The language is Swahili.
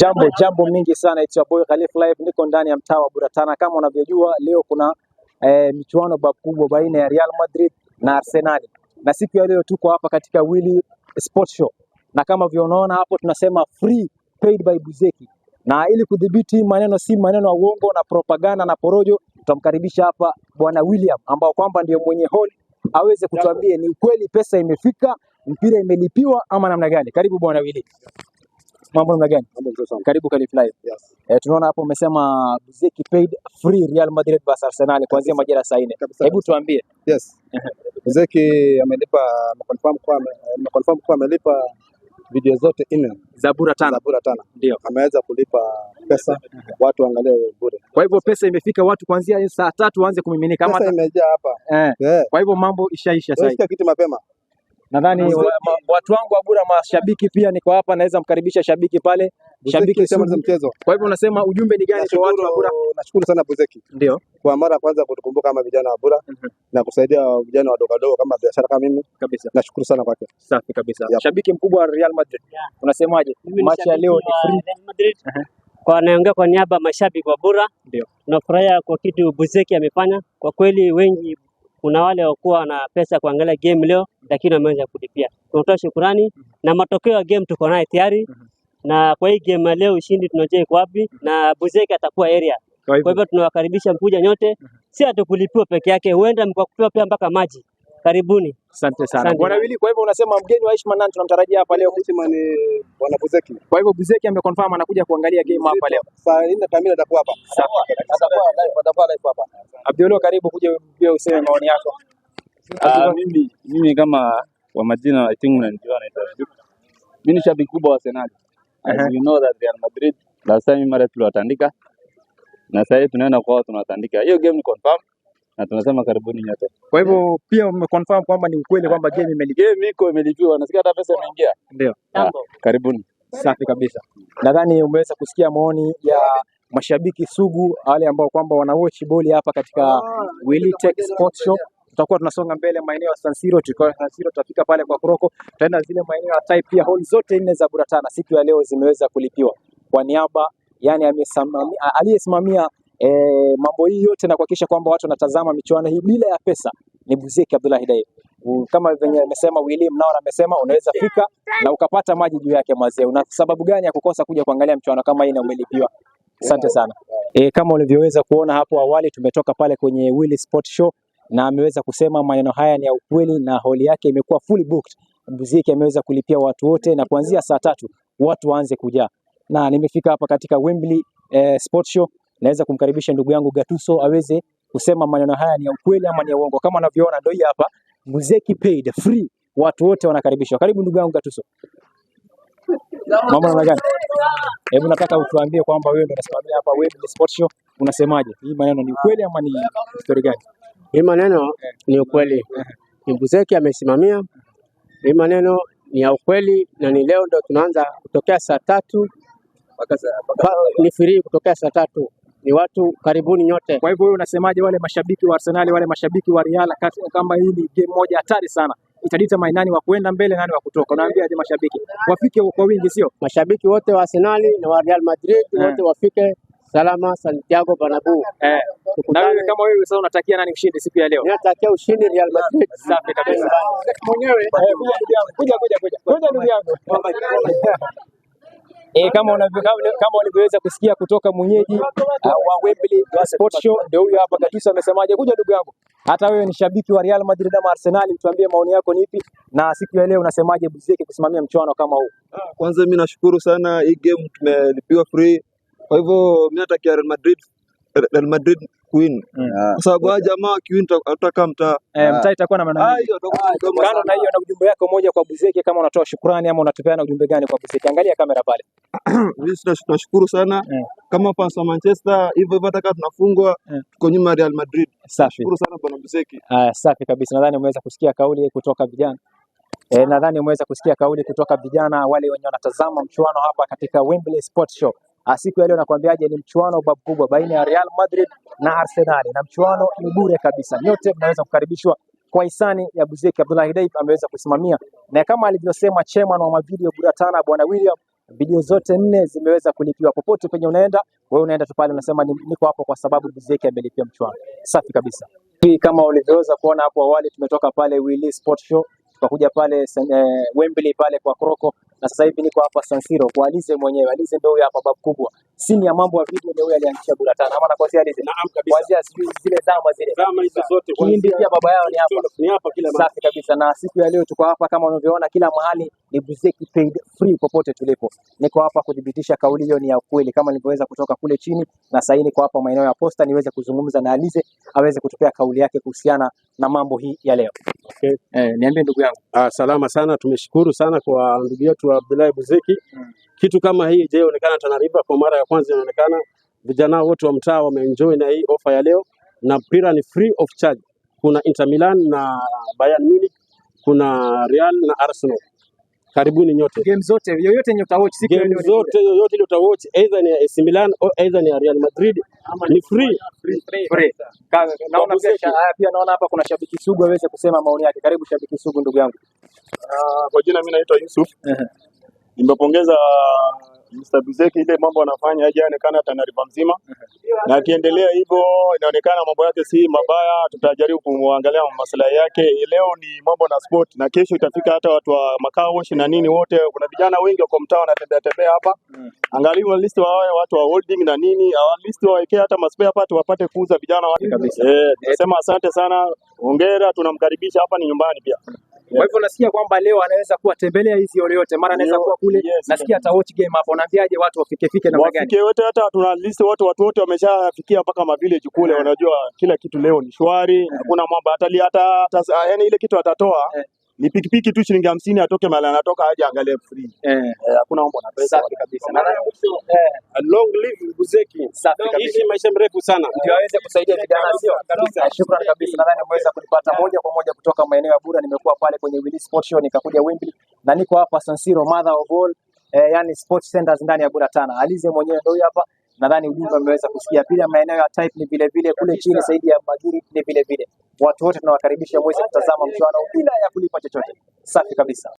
Jambo jambo mingi sana, it's your boy Khalif Live, niko ndani ya mtaa wa Buratana. Kama unavyojua leo kuna eh, michuano kubwa baina ya Real Madrid na Arsenal, na siku ya leo tuko hapa katika Willy Sports Show, na kama vionaona hapo tunasema free paid by Buzeki, na ili kudhibiti maneno si maneno ya uongo na propaganda na porojo, tutamkaribisha hapa bwana William ambao kwamba ndio mwenye hall aweze kutuambia ni ukweli pesa imefika, mpira imelipiwa ama namna gani. Karibu bwana William. Mambo namna gani? Mambo nzuri sana. Karibu Khalif Live. Yes. Eh, tunaona hapo umesema Buzeki paid free Real Madrid vs Arsenal kuanzia majira saa nne. Hebu tuambie. Yes. Buzeki amelipa ameconfirm kwa ameconfirm kwa amelipa video zote nne za bura tano, za bura tano ndio ameweza kulipa pesa watu waangalie bure. Kwa hivyo pesa imefika watu kuanzia saa tatu waanze kumiminika, kama imejaa hapa eh. Yeah. Kwa hivyo mambo ishaisha sasa, kitu mapema Nadhani watu wangu wa Bura, mashabiki pia niko hapa, naweza mkaribisha shabiki pale, shabiki sema za mchezo. Kwa hivyo unasema ujumbe ni gani kwa watu wa Bura? Nashukuru sana Buzeki, ndio kwa mara ya kwanza kutukumbuka kama vijana wa Bura mhm. na kusaidia vijana wadogo wadogo kama biashara kama mimi kabisa, nashukuru sana kwake. Safi kabisa yep. Shabiki mkubwa wa Real Madrid yeah. Unasemaje machi ya leo ni free Real Madrid Kwa naongea kwa niaba mashabiki wa Bura, ndio nafurahia kwa kitu Buzeki amefanya kwa kweli, wengi kuna wale wakuwa na pesa kuangalia game leo, lakini wameweza kulipia. Tunatoa shukurani na matokeo ya game tuko naye tayari, na kwa hii game leo ushindi tunajua iko wapi, na Buzeki atakuwa area. Kwa hivyo tunawakaribisha mkuja nyote, si atakulipiwa peke yake, huenda mkakupewa pia mpaka maji Karibuni. Asante sana. Bwana Wili, kwa hivyo unasema mgeni wa heshima nani tunamtarajia hapa leo? Kusema ni bwana Buzeki. Kwa hivyo Buzeki ameconfirm anakuja kuangalia game hapa leo. Saa 4 kamili atakuwa hapa. sawa, Atakuwa live, atakuwa live hapa. Abdiolo, karibu kuja pia useme maoni yako. Ah, mimi mimi kama wa Madina I think unanijua naitwa interview. Mimi ni shabiki kubwa wa Arsenal. As you know that Real Madrid last time mara tuliwatandika. Na sasa hivi tunaenda kwao tunawatandika. Hiyo game ni confirm na tunasema karibuni nyote. Kwa hivyo pia umeconfirm kwamba ni ukweli kwamba game imelipiwa. Game iko imelipiwa, nasikia hata pesa imeingia. Ndio. Ah, karibuni. Safi kabisa. Nadhani umeweza kusikia maoni ya mashabiki sugu, wale ambao kwamba wana watch boli hapa katika ah, Willy Tech Sports Shop. Tutakuwa tunasonga mbele maeneo ya San Siro, tulikuwa San Siro, tutafika pale kwa Kroko, tutaenda zile maeneo ya Tai pia. Hall zote nne za Buratana siku ya leo zimeweza kulipiwa kwa niaba yani aliyesimamia E, mambo hii yote na kuhakikisha kwamba watu wanatazama michuano hii bila ya pesa ni muziki Abdullah Hidayat. Kama venye amesema Wili Mnaona amesema unaweza fika na ukapata maji juu yake mazee. Una sababu gani ya kukosa kuja kuangalia mchuano kama hii na umelipiwa? Asante sana. E, kama ulivyoweza kuona hapo awali tumetoka pale kwenye Willy Sport Show na ameweza kusema maneno haya ni ya ukweli na holi yake imekuwa fully booked. Muziki ameweza kulipia watu wote na kuanzia saa tatu watu waanze kujaa. Na nimefika hapa katika Wembley eh, Sport Show naweza kumkaribisha ndugu yangu Gatuso aweze kusema maneno haya ni ya ukweli ama ni ya uongo. Kama unavyoona ndio hapa, muziki paid free, watu wote wanakaribishwa. Karibu ndugu yangu Gatuso. Mambo namna gani? Hebu nataka utuambie kwamba wewe ndio unasimamia hapa Wembley Sport Show, unasemaje? Hii maneno ni ukweli ama ni story gani? Hii maneno ni ukweli. Ni eh. Muzeki amesimamia. Hii maneno ni ya ukweli na ni leo ndio tunaanza kutokea saa tatu mpaka ni free kutokea saa tatu ni watu karibuni nyote. Kwa hivyo wewe unasemaje wale mashabiki wa Arsenal, wale mashabiki wa Real, kama hii ni game moja hatari sana italita mainani wa kuenda mbele nani wa kutoka, je mashabiki wafike kwa wingi, sio mashabiki wote wa Arsenal na wa Real Madrid yeah. wote wafike salama Santiago Bernabeu eh. na wewe kama wewe sasa unatakia nani ushindi siku ya leo? Natakia ushindi Real Madrid. Safi kabisa mwenyewe eh, kuja kuja kuja kuja ndugu yangu E, kama kama ulivyoweza kusikia kutoka mwenyeji uh, wa Wembley Sport Show, ndio huyo hapa kabisa. Amesemaje? Kuja ndugu yangu, hata wewe ni shabiki wa Real Madrid ama Arsenal, tuambie maoni yako ni ipi, na siku ya leo unasemaje Buzeki kusimamia mchuano kama huu? Ah, kwanza mimi nashukuru sana, hii game tumelipiwa free, kwa hivyo mimi natakia Real Madrid Real Madrid win mm. ah, kwa sababu hawa jamaa wakiwin atakaa mtaa eh, mtaa itakuwa na maana hiyo. Kando na hiyo, na ujumbe yako moja kwa Buzeki, kama unatoa shukrani ama unatupeana ujumbe gani kwa Buzeki? Angalia kamera pale. tunashukuru sana yeah. Kama fans wa Manchester hivyo hivyo, hata tunafungwa yeah. Tuko nyuma Real Madrid. Shukuru sana bwana Mzeki. Aya, safi kabisa. Nadhani umeweza kusikia kauli kutoka vijana e, nadhani umeweza kusikia kauli kutoka vijana wale wenye wanatazama mchuano hapa katika Wembley Sports Show ah, siku ya leo. Nakwambiaje, ni mchuano babu kubwa baina ya Real Madrid na Arsenal, na mchuano ni bure kabisa. Nyote mnaweza kukaribishwa kwa hisani ya Buzeki. Abdullahi Daib ameweza kusimamia na kama alivyosema chairman wa mavideo Buratana bwana William Video zote nne zimeweza kulipiwa. Popote penye unaenda wewe, unaenda tu pale unasema niko hapo kwa sababu mziki amelipia mchwano Safi kabisa. Hii kama ulivyoweza kuona hapo awali, tumetoka pale Wili Sport Show tukakuja pale eh, Wembley pale kwa Kroko na sasa hivi niko hapa San Siro kwa Alize mwenyewe. Alize ndio huyo hapa babu kubwa. Sini ya mambo ya video ndio yeye alianzisha Bula Tano. maana kwa Alize? kwanza kabisa. Kuanzia sijui zile zama zile. Zama hizo zote kwa hindi pia baba yao ni hapa. Ni hapa kila mahali. Safi kabisa. Na siku ya leo tuko hapa kama unavyoona kila mahali ni Buzeki paid free popote tulipo. Niko hapa kudhibitisha kauli hiyo ni ya kweli, kama nilivyoweza kutoka kule chini na sasa niko hapa maeneo ya posta niweze kuzungumza na Alize aweze kutupea kauli yake kuhusiana na mambo hii ya leo. Okay. Eh, niambie ndugu yangu. Ah, salama sana, tumeshukuru sana kwa ndugu yetu Abdullahi Buzeki. Mm. Kitu kama hii je, inaonekana Tana River kwa mara ya kwanza inaonekana vijana wote wa mtaa wameenjoy na hii offer ya leo, na mpira ni free of charge. Kuna Inter Milan na Bayern Munich, kuna Real na Arsenal. Karibuni nyote. Game zote yoyote yenye utawatch siku yoyote, game zote yoyote ile utawatch, either ni AC Milan au either ni Real Madrid, ama ni free Naona pia naona hapa kuna shabiki sugu aweze kusema maoni yake. Karibu shabiki sugu, ndugu yangu. Ah, kwa jina mimi naitwa Yusuf. Nimepongeza Buzeki ile mambo anafanya hajaonekana Tanariba mzima mhm. na akiendelea hivyo, inaonekana mambo yake si mabaya. Tutajaribu kumwangalia maslahi yake. Leo ni mambo na sport, na kesho itafika hata watu wa makaosh na nini, wote kuna vijana wengi wako mtaa wanatembea tembea hapa, mhm. angalia list wa wale watu wa holding na nini, list wawekee hata maspare hapa, tuwapate kuuza vijana wake kabisa. Eh, nasema asante sana, hongera, tunamkaribisha hapa, ni nyumbani pia. Kwa hivyo nasikia kwamba leo anaweza kuwa tembelea hizi ole yote, mara anaweza kuwa kule, nasikia hata watch game hapo. Naambiaje watu wafike fike na magari? Wafike wote, hata tuna list watu, watu wote wameshafikia mpaka mavillage kule. Eh. wanajua kila kitu leo ni shwari, eh. hakuna mambo hata hata, yani ile kitu atatoa eh ni pikipiki tu shilingi hamsini atoke mahali anatoka aje angalie free. Eh. eh hakuna mambo na pesa kabisa. na eh. eh. Long live Buzeki. Safi kabisa. Maisha mrefu sana. Ndio aweze kusaidia vijana sio? Kabisa. Eh, shukrani kabisa. Nadhani umeweza kunipata moja kwa moja kutoka maeneo ya Bura. Nimekuwa pale kwenye Willy Sports Show nikakuja Wembley na niko hapa San Siro Mother of All. Eh, yani sports centers ndani ya Bura Tana. Alize mwenyewe ndio hapa nadhani ujumbe umeweza kusikia. Pia maeneo ya type ni vile vile kule chini zaidi ya majuri ni vile vile. Watu wote tunawakaribisha muweze kutazama mchuano bila ya kulipa chochote, safi kabisa.